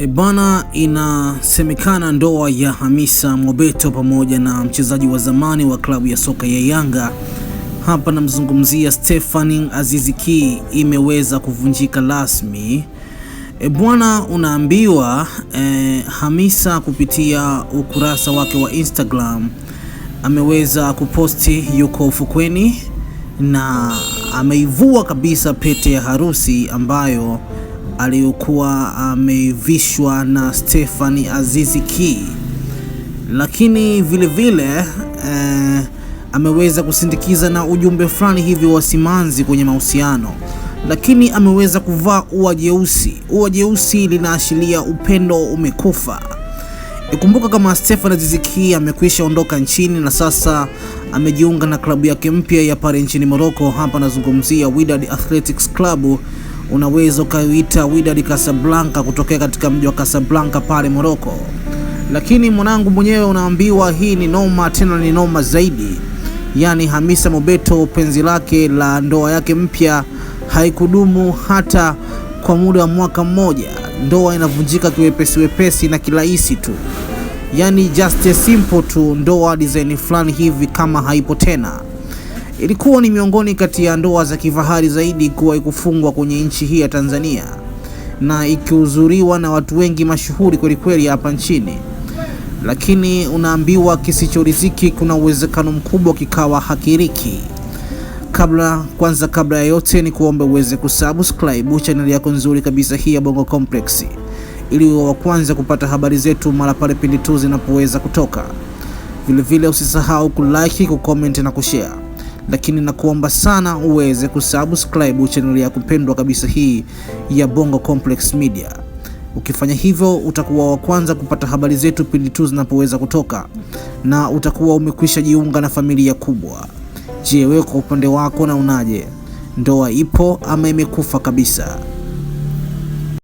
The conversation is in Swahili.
E bana, inasemekana ndoa ya Hamisa Mobeto pamoja na mchezaji wa zamani wa klabu ya soka ya Yanga, hapa namzungumzia Stephanie aziziki Ki, imeweza kuvunjika rasmi. E bwana, unaambiwa e, Hamisa kupitia ukurasa wake wa Instagram ameweza kuposti yuko ufukweni na ameivua kabisa pete ya harusi ambayo aliyokuwa ameivishwa na Stephanie Azizi Ki, lakini vilevile eh, ameweza kusindikiza na ujumbe fulani hivi wa simanzi kwenye mahusiano, lakini ameweza kuvaa ua jeusi. Ua jeusi linaashiria upendo umekufa. Ikumbuka kama Stephanie Azizi Ki amekwisha ondoka nchini na sasa amejiunga na klabu yake mpya ya pale nchini Morocco. Hapa anazungumzia Wydad Athletics Club unaweza ukaiita Wydad Casablanca kutokea katika mji wa Casablanca pale Morocco, lakini mwanangu mwenyewe unaambiwa hii ni noma, tena ni noma zaidi. Yaani Hamisa Mobeto penzi lake la ndoa yake mpya haikudumu hata kwa muda wa mwaka mmoja. Ndoa inavunjika kiwepesi wepesi na kirahisi tu, yaani just simple tu, ndoa design fulani hivi kama haipo tena. Ilikuwa ni miongoni kati ya ndoa za kifahari zaidi kuwahi kufungwa kwenye nchi hii ya Tanzania na ikihudhuriwa na watu wengi mashuhuri kwelikweli hapa nchini, lakini unaambiwa kisichoriziki kuna uwezekano mkubwa kikawa hakiriki. Kabla kwanza, kabla ya yote, ni kuombe uweze kusubscribe chaneli yako nzuri kabisa hii ya Bongo Complex ili wa kwanza kupata habari zetu mara pale pindi tu zinapoweza kutoka. Vilevile usisahau kulike, kucomment na kushare lakini nakuomba sana uweze kusubscribe chaneli ya kupendwa kabisa hii ya Bongo Complex Media. Ukifanya hivyo utakuwa wa kwanza kupata habari zetu pindi tu zinapoweza kutoka, na utakuwa umekwisha jiunga na familia kubwa. Je, wewe kwa upande wako naonaje? Ndoa ipo ama imekufa kabisa?